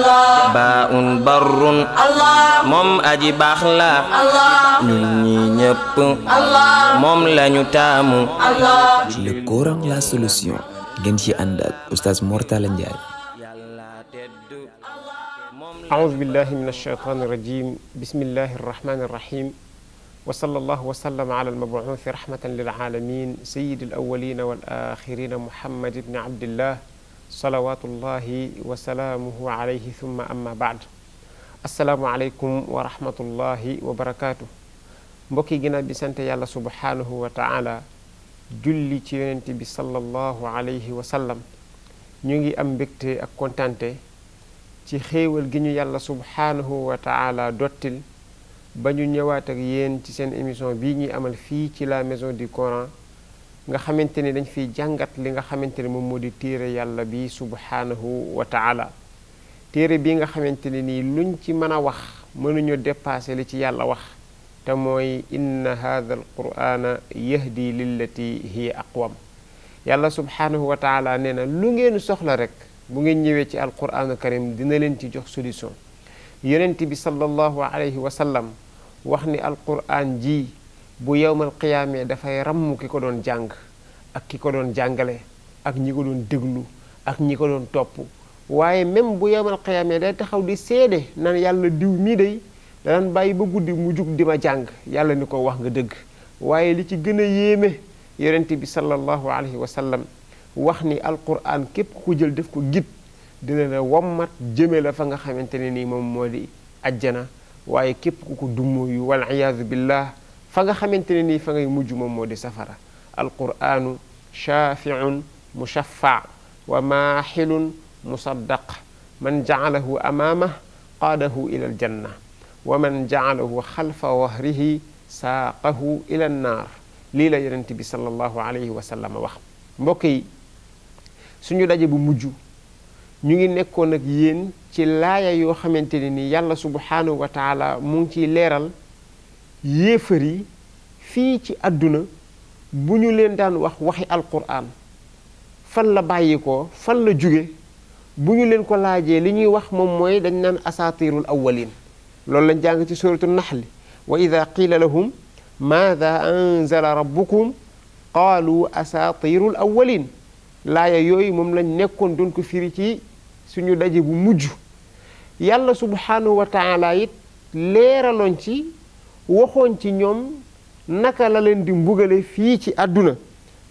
baun barrun moom aji baax la ñun ñi ñëpp moom lañu taamu le Coran la solution ngeen ci ànd ak Oustaz Mor Talla Ndiaye aouzu billahi min alsheytani irajim bismillahi arrahmani irrahim wa sallallahu wa sallam ala almabuuthi rahmatan lilalamin sayidi alawalina wal axirina muhammad ibni abdillah صلوات الله وسلامه عليه ثم أما بعد السلام عليكم ورحمة الله وبركاته مبكي جنا بسنت يلا سبحانه وتعالى جلي تيونتي بصلى الله عليه وسلم نيجي أم بكتي أكونتانتي ci xéewal gi ñu yàlla subhanahu wa taala dottil ba ñu ñëwaat ak yéen ci seen émission bii ñuy amal fii ci la maison du coran nga xamante ni dañ fiy jàngat li nga xamante ni moom moo di téere yàlla bi subhanahu wa taala téere bi nga xamante ne nii luñ ci mën a wax mënuñu dépassé li ci yàlla wax te mooy inna hadha alqur'ana yahdi lillati hiya aqwam yàlla subhanahu wa taala nee na lu ngeen soxla rek bu ngeen ñëwee ci alqur'anu karim dina leen ci jox solution yonent bi sallallahu alayhi wa wax ni alqur'an ji bu yowmal xiyaamee dafay ramm ki ko doon jàng ak ki ko doon jàngale ak ñi ko doon déglu ak ñi ko doon topp waaye même bu yowmal xiyaamee day taxaw di seede na yàlla diw mii day danaan bàyyi ba guddi mu jug di ma jàng yàlla ni ko wax nga dëgg waaye li ci gën a yéeme yonent bi sallallahu alayhi wa wax ni alquran képp ku jël def ko git dina la wammat jëme la fa nga xamante ne nii moom moo di ajjana waaye képp ku ko dumm wal iyaadu billah fa nga xamante ne nii fa mujj moom moo di safara alquranu shaafiun mushaffaa wa maaxilun musaddaq man jaalahu amaamah qaadahu ila aljanna wa man jaalahu xalfa wahrihi saaqahu ila annaar lii la yonent bi alayhi wa sallam wax mbokk yi daje bu mujj ñu ngi nekkoon ak yéen ci laaya yoo xamante ne ni yàlla subhaanahu wa taala mu ngi ciy leeral yéefar yi fii ci àdduna bu ñu leen daan wax waxi alquran fan la bàyyi ko fan la jóge bu ñu leen ko laajee li ñuy wax moom mooy dañ naan asaatirul awwalin loolu lañ jàng ci suratu naxli wa ida qiila lahum maada anzala rabbukum qaalu asaatirul awwalin laaya yooyu moom lañ nekkoon doon ko firi ci suñu daje bu mujj yàlla subhaanahu wa taala it leeraloon ci waxoon ci ñoom naka la leen di mbugale fii ci àdduna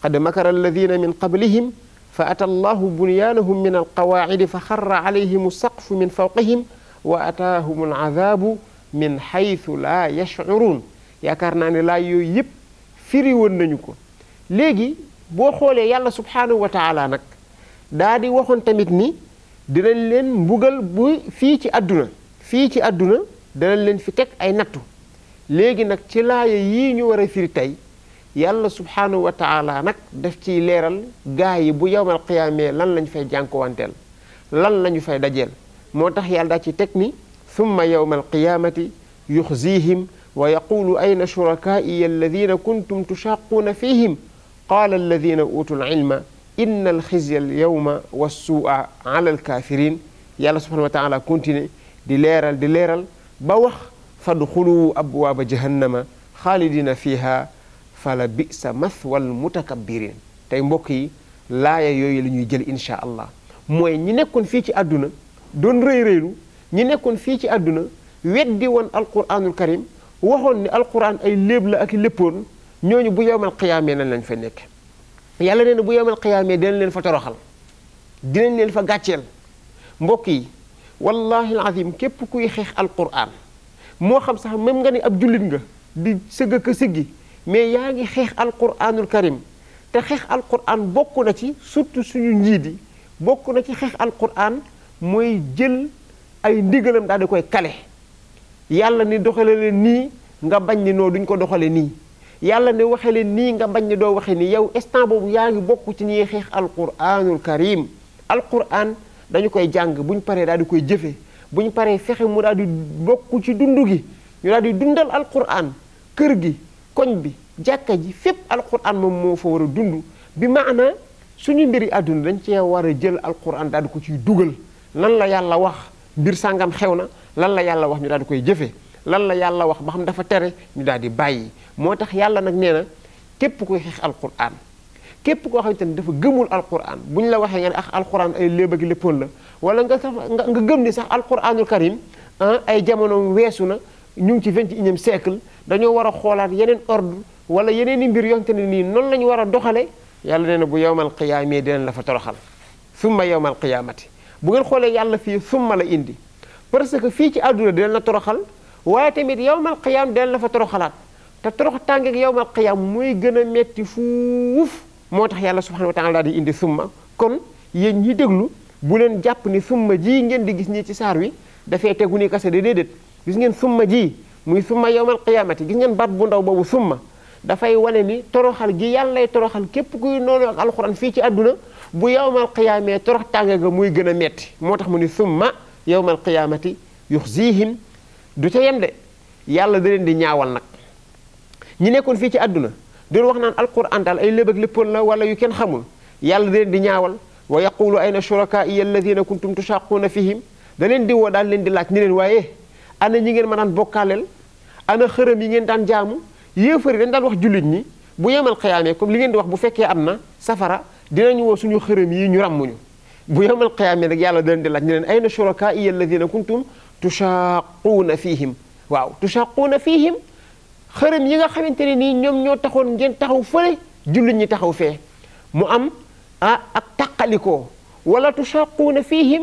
qad makara alladina min qablihim fa ata allahu bunyaanahum min alqawaacidi fa xarra calayhim saqfu min fawqihim wa ataahum alcadaabu min xaytu laa yashcuruun yaakaar naa ne laa yooyu yëpp firi woon nañu ko léegi boo xoolee yàlla subhaanahu wa taala nag daa di waxoon tamit ni dinañ leen mbugal bu fii ci àdduna fii ci àdduna danañ leen fi teg ay nattu léegi nag ci laaya yii ñu war a firi tey yàlla subhaanahu wa taala nag daf ciy leeral gaa yi bu yowmal qiyaamee lan lañ fay jànkuwanteel lan lañu fay dajeel moo tax yàlla daa ci teg ni summa yowmal qiyaamati yuxzihim wa yaqulu ayna shurakaaiya alladina kuntum tushaquuna fihim qaala alladina utul ilma inna alxizya alyawma wassuua ala alkafirin yàlla subhaanahu wa taala continue di leeral di leeral ba wax fadxulu abwaaba jahannama xaalidina fiha fala bisa mathwal mutakabbirin tey mbokk yi laaya yooyu lañuy ñuy jël incha allah mooy ñi nekkoon fii ci àdduna doon rëy rëylu ñi nekkoon fii ci àdduna weddi woon alquranul karim waxoon ni alquran ay léeb la ak léppoon ñooñu bu yowmal qiyaamee nan lañ fa nekk yàlla nee bu yowmal qiyaamee dinañ leen fa toroxal dinañ leen fa gàcceel mbokk yi wallahi alazim képp kuy xeex alquran moo xam sax même nga ni ab jullit nga di sëgg ak siggi mais yaa ngi xeex alquranul karim te xeex alquran bokk na ci surtout suñu njiit yi bokk na ci xeex alquran mooy jël ay ndigalam daal di koy kale yàlla ni doxale leen nii nga bañ ni noo duñ ko doxale nii yàlla ne waxe leen nii nga bañ ni doo waxe nii yow instant boobu yaa ngi bokk ci ñuy xeex alquranul karim alquran dañu koy jàng buñ paree daal di koy jëfee bu ñu paree fexe mu daal di bokku ci dund gi ñu daal di dundal alquran kër gi koñ bi jàkka ji fépp alquran moom moo fa war a dund bi ma maana suñu mbiri àdduna dañ cee war a jël alquran daal di ko ciy dugal lan la yàlla wax mbir sàngam xew na lan la yàlla wax ñu daal di koy jëfe lan la yàlla wax ba xam dafa tere ñu daal di bàyyi moo tax yàlla nag nee na képp koy xeex alquran képp koo xamante ni dafa gëmul alquran bu ñu la waxee nga ak ah alquran ay léeb ak léppoon la wala nga sax nga gëm ni sax alquranul karim ah, ay jamono weesu na ñu ngi ci vingt et unième dañoo war a xoolaat yeneen ordre wala yeneen i mbir yoo xamante ne nii noonu la ñu war a doxalee yàlla nee na bu yowmal qiyaamee dinañ la fa toroxal summa yowmal qiyaamati bu ngeen xoolee yàlla fii summa la indi parce que fii ci àdduna dinañ la toroxal waaye tamit yowmal qiyaam dinañ la fa toroxalaat te torox tàngeeg yowmal qiyaam mooy gën a metti fuuf moo tax yàlla subhanahu wa taala di indi summa kon yéen ñi déglu bu leen jàpp ni summa jii ngeen di gis nii ci saar wi dafay tegu ni kase di déedéet gis ngeen summa ji muy summa yowmal qiyaamati gis ngeen baat bu ndaw boobu summa dafay wane ni toroxal gi yàlla lay toroxal képp kuy noonu ak alxuraan fii ci àdduna bu yowmal qiyaamee torox tànga ga muy gën a metti moo tax mu ni summa yowmal qiyaamati yuxziihim du ca yem de yàlla da di ñaawal nag ñi nekkoon fii ci àdduna doon wax naan alquran daal ay léb ak léppoon la wala yu kenn xamul yàlla da leen di ñaawal wa yaqulu ayna shurakaai alladina kuntum tushaquuna fihim da leen di woo daal leen di laaj ni leen waaye ana ñi ngeen ma daan ana xërëm yi ngeen daan jaamu yéefari dañ daan wax jullit ñi bu yemal xiyaamee comme li ngeen di wax bu fekkee am na safara dinañu woo suñu xërëm yi ñu ràmmuñu bu yemal xiyaamee nag yàlla da leen di laaj ni leen ayna shurakaai alladina kuntum tushaquuna fihim waaw tushaquuna fihim xërëm yi nga xamante ne nii ñoom ñoo taxoon ngeen taxaw fële jullit ñi taxaw fee mu am ah ak taqalikoo wala tushaquuna fihim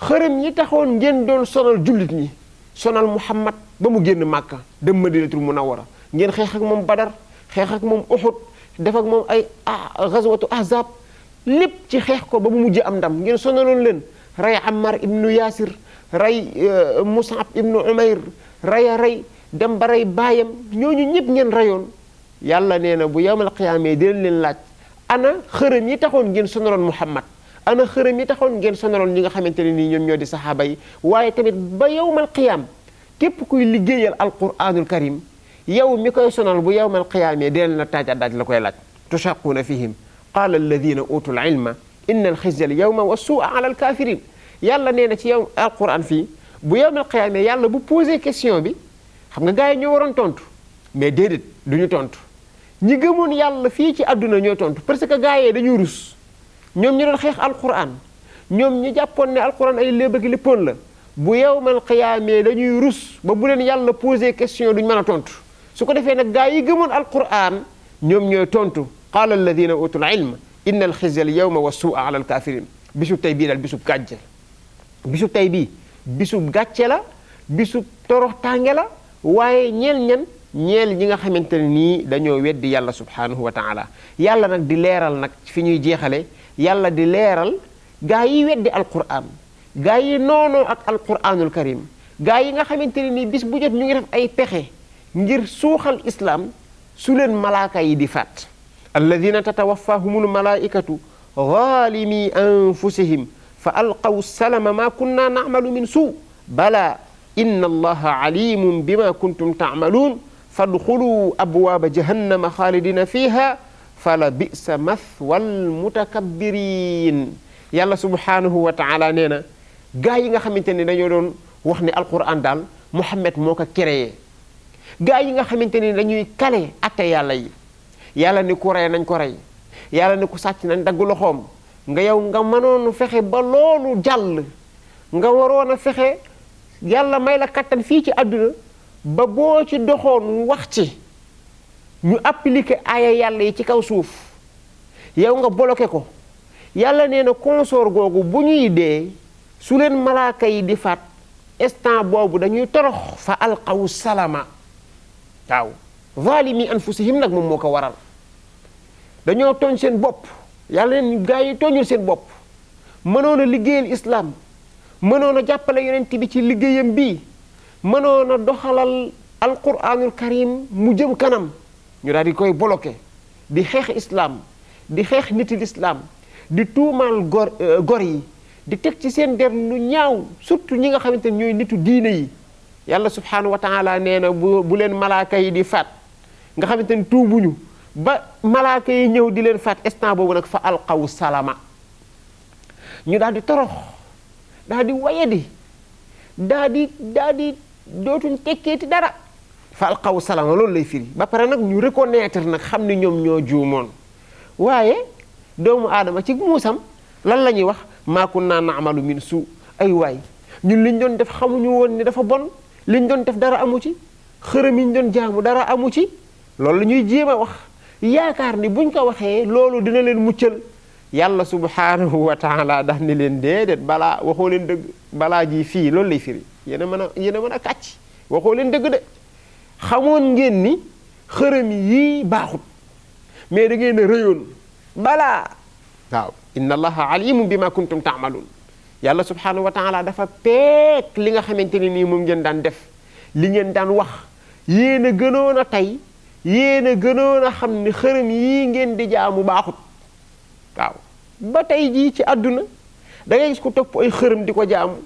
xërëm ñi taxoon ngeen doon sonal jullit ñi sonal muhammad ba mu génn màkka dem madinatul munawara ngeen xeex ak moom badar xeex ak moom uxud def ak moom ay gazwatu ahzab lépp ci xeex ko ba mu mujj am ndam ngeen sonaloon leen rey ammar ibnu yaasir rey euh, musab ibnu umayr rey rey dem ba rey baayam ñooñu ñëpp ngeen rayoon yàlla neena bu yawmal qiyamé dina leen laaj ana xërëm yi taxoon ngeen sonoron Muhammad ana xërëm yi taxoon ngeen sonoron ñi nga xamanteni ni nii ñoom ñoo di saxaaba yi waaye tamit ba yawmal qiyam képp kuy liggéeyal alquranul karim yow mi koy sonal bu yawmal qiyaamee dina la taaj addaaj la koy laaj tushaquna fihim qaala alladina utul ilma ان الخزي اليوم والسوء على الكافرين يلا نينا yàlla يوم القران في بو يوم القيامه يلا بو بوزي كيسيون بي xam nga gaa yi ñoo waroon tontu mais déedéet du ñu tontu ñi gëmoon yàlla fii ci àdduna ñooy tontu parce que gars yi dañuy rus ñoom ñu doon xeex alquran ñoom ñu jàppoon ne alquran ay léeb ak léppoon la bu yowmal xiyaamee dañuy rus ba bu leen yàlla posé question duñ mën a tontu su ko defee nag gars yi gëmoon alquran ñoom ñooy tontu qaala alladina utul ilma inna alxizya al yowma wa suua ala alkafirin bisub tey bii daal bisub gàcce la bisub tey bii bisub gàcce la bisub torox tànge la waye ñeel ñan ñeel ñi nga xamanteni ni dañoo weddi yalla subhanahu wa taala yalla nak di leral nak fi ñuy jéxalé yalla di leral gaay yi weddi alquran gaay yi nono ak alquranul karim gaay yi nga xamanteni ni bis bu jot ñu ngi def ay pexé ngir suxal islam su leen malaaka yi di fat alladina tatawaffahumul malaa'ikatu ghalimi anfusihim fa alqaw salama ma kunna na'malu min su bala إن الله عليم بما كنتم تعملون فادخلوا أبواب جهنم خالدين فيها فلبئس مثوى المتكبرين yàlla subhaanahu wa taala nee na nga xamanteni dañu dañoo doon wax ni alquran dal Muhammad moko ko créé gaa yi nga xamanteni dañuy calé atte yàlla yi yàlla ni ko ray nañ ko ray yàlla ni ko sàcc nañ dagg loxom nga yow nga manono fexe ba loolu jàll nga warona fexe yàlla may la kattan fii ci àdduna ba boo ci doxoon wax ci ñu applike aaya yàlla yi ci kaw suuf yow nga bloqué ko yàlla nee na consor googu bu ñuy dee su leen malaaka yi di faat instant boobu dañuy torox fa alqaw salama waaw zalimi anfusihim nag moom moo ko waral dañoo tooñ seen bopp yàlla neen gaa yi tooñul seen bopp mënoona liggéeyal islaam mënoon a jàppale yonent bi ci liggéeyam bi mënoon doxalal alquranul karim mu jëm kanam ñu daal di koy bloqué di xex islam di xex niti islam di tuumaal gor eh, gor yi di tek ci seen der lu ñaaw surtout ñi nga xamanteni ñoy nitu diine yi yalla subhanahu wa taala neena na bu len malaaka yi di fat, nga xamanteni tuubuñu ba malaaka yi ñew di len fat instant bobu nak fa alqaw salama ñu daal di torox daa di wayadi daa di daa di dootuñ tekkeeti dara fa alqaw salaama loolu lay firi ba pare nag ñu reconnaître nag xam ni ñoom ñoo juumoon waaye doomu aadama ci muusam lan la ñuy wax maa kunnaa naamalu min suu ay waay ñun liñ doon def xamuñu woon ni dafa bon liñ doon def dara amu ci xërëm yiñ doon jaamu dara amu ci loolu la ñuy jéem a wax yaakaar ni buñ ko waxee loolu dina leen muccal yàlla subhaanahu wa taala daan ni leen déedéet balaa waxoo leen dëgg balaa jii fii loolu lay firi yéen a mën a yéen a mën a kàcc waxoo leen dëgg de xamoon ngeen ni xërëm yii baaxut mais da ngeen a rëyoon balaa waaw inna allaha alimun bi ma kuntum taamaluun yàlla subhaanahu wa dafa peek li nga xamante ne nii moom ngeen daan def li ngeen daan wax yéen a gënoon a tey yéen a gënoon a xam ni xërëm yii ngeen di jaamu baaxut waaw ba tey jii ci àdduna da gis ko topp ay xërëm di ko jaamu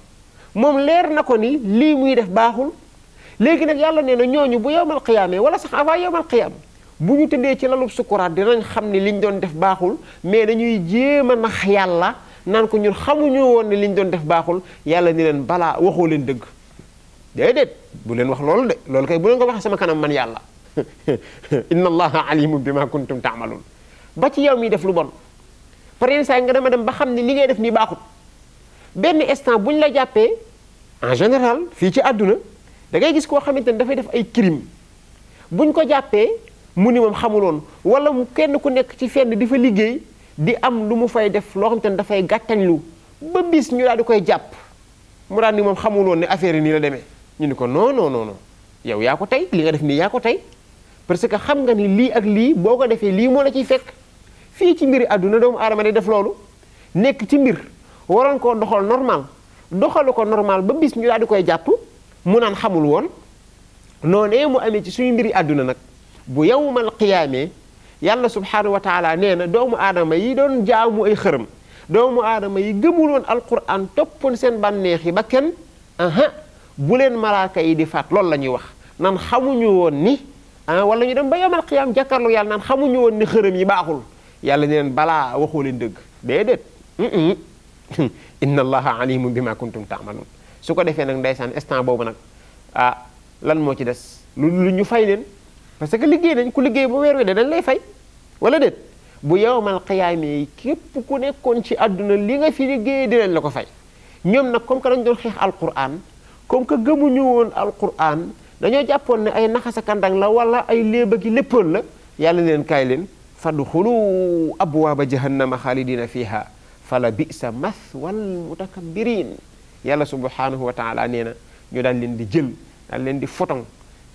moom leer na ko nii lii muy def baaxul léegi nag yàlla nee na ñooñu bu yowmal xiyaamee wala sax avant yowmal xiyaam bu ñu tëddee ci lalub sukuraat dinañ xam ni liñ doon def baaxul mais dañuy jéem a nax yàlla naan ko ñun xamuñu woon ne liñ doon def baaxul yàlla ni leen balaa waxoo leen dëgg déedéet bu leen wax loolu de loolu kay bu leen ko waxee sama kanam man yàlla inna allaha alimun bima kuntum taamaluun ba ci yow miy def lu bon par yenn nga dama dem ba xam ne li ngay def nii baaxut benn instant bu ñu la jàppee en général fii ci àdduna da ngay gis koo xamante ne dafay def ay crime buñ ko jàppee mu ni moom xamuloon wala mu kenn ku nekk ci fenn di fa liggéey di am lu mu fay def loo xamante ne dafay gàttañlu ba bis ñu daal di koy jàpp mu daal ni moom xamuloon ne affaire yi nii la demee ñu ni ko non non yow yaa ko tey li nga def nii yaa ko tey parce que xam nga ni lii ak lii boo ko defee lii moo la ciy fekk Fi ci mbiri aduna doomu aadama day def loolu nekk ci mbir waroon koo doxal normal doxalu ko normal ba bis ñu daal di koy jàpp mu naan xamul woon noonee mu amee ci suñu mbiri aduna nag bu yawmal qiyaamee yàlla subhanahu wa taala nee na doomu aadama yi doon jaamu ay xërëm doomu aadama yi gëmul woon alquran toppoon seen bànneex yi ba kenn aha bu leen malaaka yi di faat loolu la ñuy wax nan xamuñu woon ni ah wala ñu dem ba yawmal qiyam jakarlu yalla naan xamuñu woon ni xërëm yi baaxul yàlla ne balaa waxoo leen dëgg déedéet inna allaha alimun bima kuntum taamaluun su ko defee nag ndeysaan instant boobu nag ah lan moo ci des lu lu ñu fay leen parce que liggéey nañ ku liggéey bu weer wi de dañ lay fay wala déet bu yowmal qiyaamee képp ku nekkoon ci àdduna li nga fi liggéeyee dinañ la ko fay ñoom nag comme que dañ doon xeex alquran comme que gëmuñu woon alquran dañoo jàppoon ne ay naxasa kandang la wala ay léeba gi léppal la leen kaay leen fadkhulu abwaaba jahannama khalidina fiha fala bi'sa mathwal mutakabbirin yalla subhanahu wa taala neena ñu dal leen di jël dal leen di fotong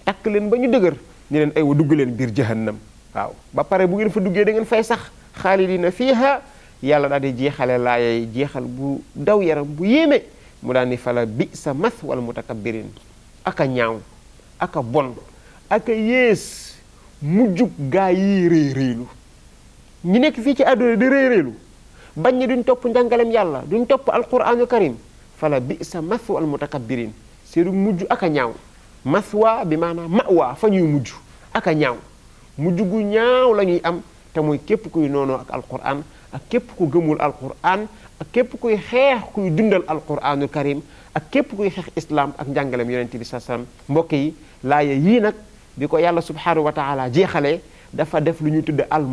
tak leen ba ñu dëgër ñu leen ay wa dugg leen bir jahannam waaw ba pare bu ngeen fa duggé da ngeen fay sax khalidina fiha yalla dal di jeexale laye bu daw yaram bu mu dal ni fala bi'sa mathwal mutakabbirin aka ñaaw aka bon aka Yes, mujuk gaa yi ñu nekk fii ci àdduna di réeréelu bañ ni duñ topp njàngalem yàlla duñ topp alquraanu karim fala bi sa maswa al mutakabirin seedu mujj ak a ñaaw maswa bi maanaam mawaa fa ñuy mujj ak a ñaaw mujj gu ñaaw lañuy am te mooy képp kuy noonoo ak alquran ak képp ku gëmul alquran ak képp kuy xeex kuy dundal alquranul karim ak képp kuy xeex islam ak njàngalem yonent bi sa sam mbokk yi laaya yii nag bi ko yàlla subhanahu wa taala jeexalee dafa def lu ñuy tudde al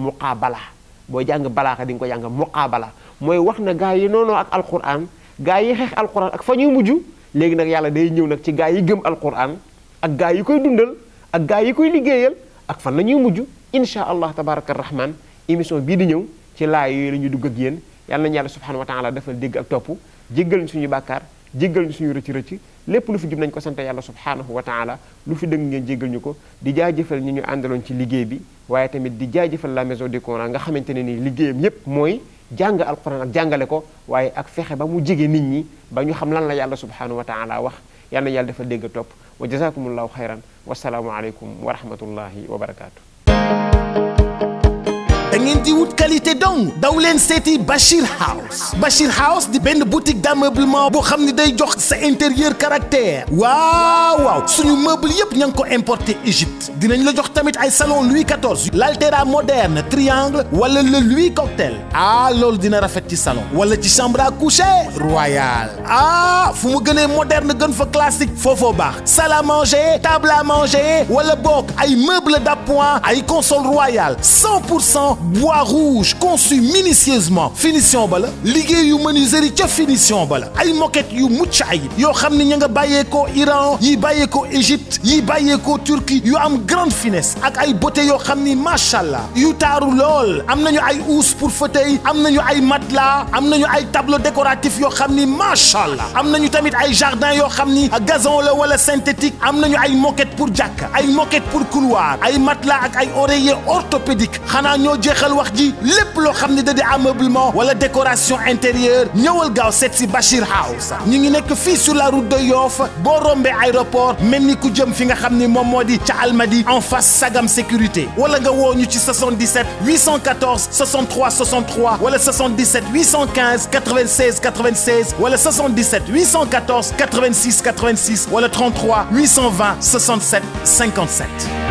boo jàng balaaxa di nga ko jàng muqaabala mooy wax na gaa yi noonu ak alquran gaa yi xeex alquran ak fa ñuy mujj léegi nag yàlla day ñëw nag ci gaa yi gëm alquran ak gaa yi koy dundal ak gaa yi koy liggéeyal ak fan la ñuy mujj insha allah tabaraka rahman émission bii di ñëw ci laay yooyu la ñuy dugg ak yéen yàlla nañu yàlla subhanahu wa taala defal dégg ak topp jéggal ñu suñu bàkkaar jéggal ñu suñu rëcc rëcc lépp lu fi jub nañ ko sant yàlla subhaanahu wa taala lu fi dëng ngeen jéggal ñu ko di jaajëfal ñi ñu àndaloon ci liggéey bi waaye tamit di jaajëfal la maison du Coran nga xamante ne nii liggéeyam yépp mooy jàng alquran ak jàngale ko waaye ak fexe ba mu jege nit ñi ba ñu xam lan la yàlla subhaanahu wa taala wax yàlla yàlla dafa dégg topp wa jazakumullahu xayran wasalaamu aleykum wa rahmatullahi wa barakaatu C'est une qualité donc daw C'est Bashir House Bashir House di boutique d'ameublement bo xamni day jox sa intérieur caractère waaw waaw suñu meuble yëpp ña ngi ko importé Égypte dinañ la jox tamit salon Louis XIV l'altera moderne triangle wala le Louis cocktail ah lol dina rafet ci salon wala ci chambre à coucher royal ah fu mu moderne gën fa classique fofo baax salle à manger table à manger wala bok ay meuble d'appoint ay console royale 100 bois rouge conçu minutieusement finition bala ligue finition bala ay moquette yu mucc sais yo xamni ñinga bayé nga Iran yi ko Égypte yi ko Turquie yu am grande finesse ak ay beauté yo xamni MashaAllah yu taru lol amnañu ay housse pour fauteuil am ay matelas amnañu ay tableau décoratif yo xamni MashaAllah amnañu tamit ay jardin yo xamni gazon la wala synthétique amnañu ay moquette pour jàkka ay moquette pour couloir ay matelas ak ay oreiller orthopédique xana ñoo jeexal wax ji lépp loo xam ne da ameublement wala décoration intérieure ñëwal gaaw seet si Bachir House ñu ngi nekk fii sur la route de Yoff boo rombe aéroport mel ni ku jëm fi nga xam ni moom moo en face Sagam sécurité wala nga woo ñu ci 77 814 63 63 wala 77 815 96 96 wala 77 814 86 86 wala 33 820 67 57.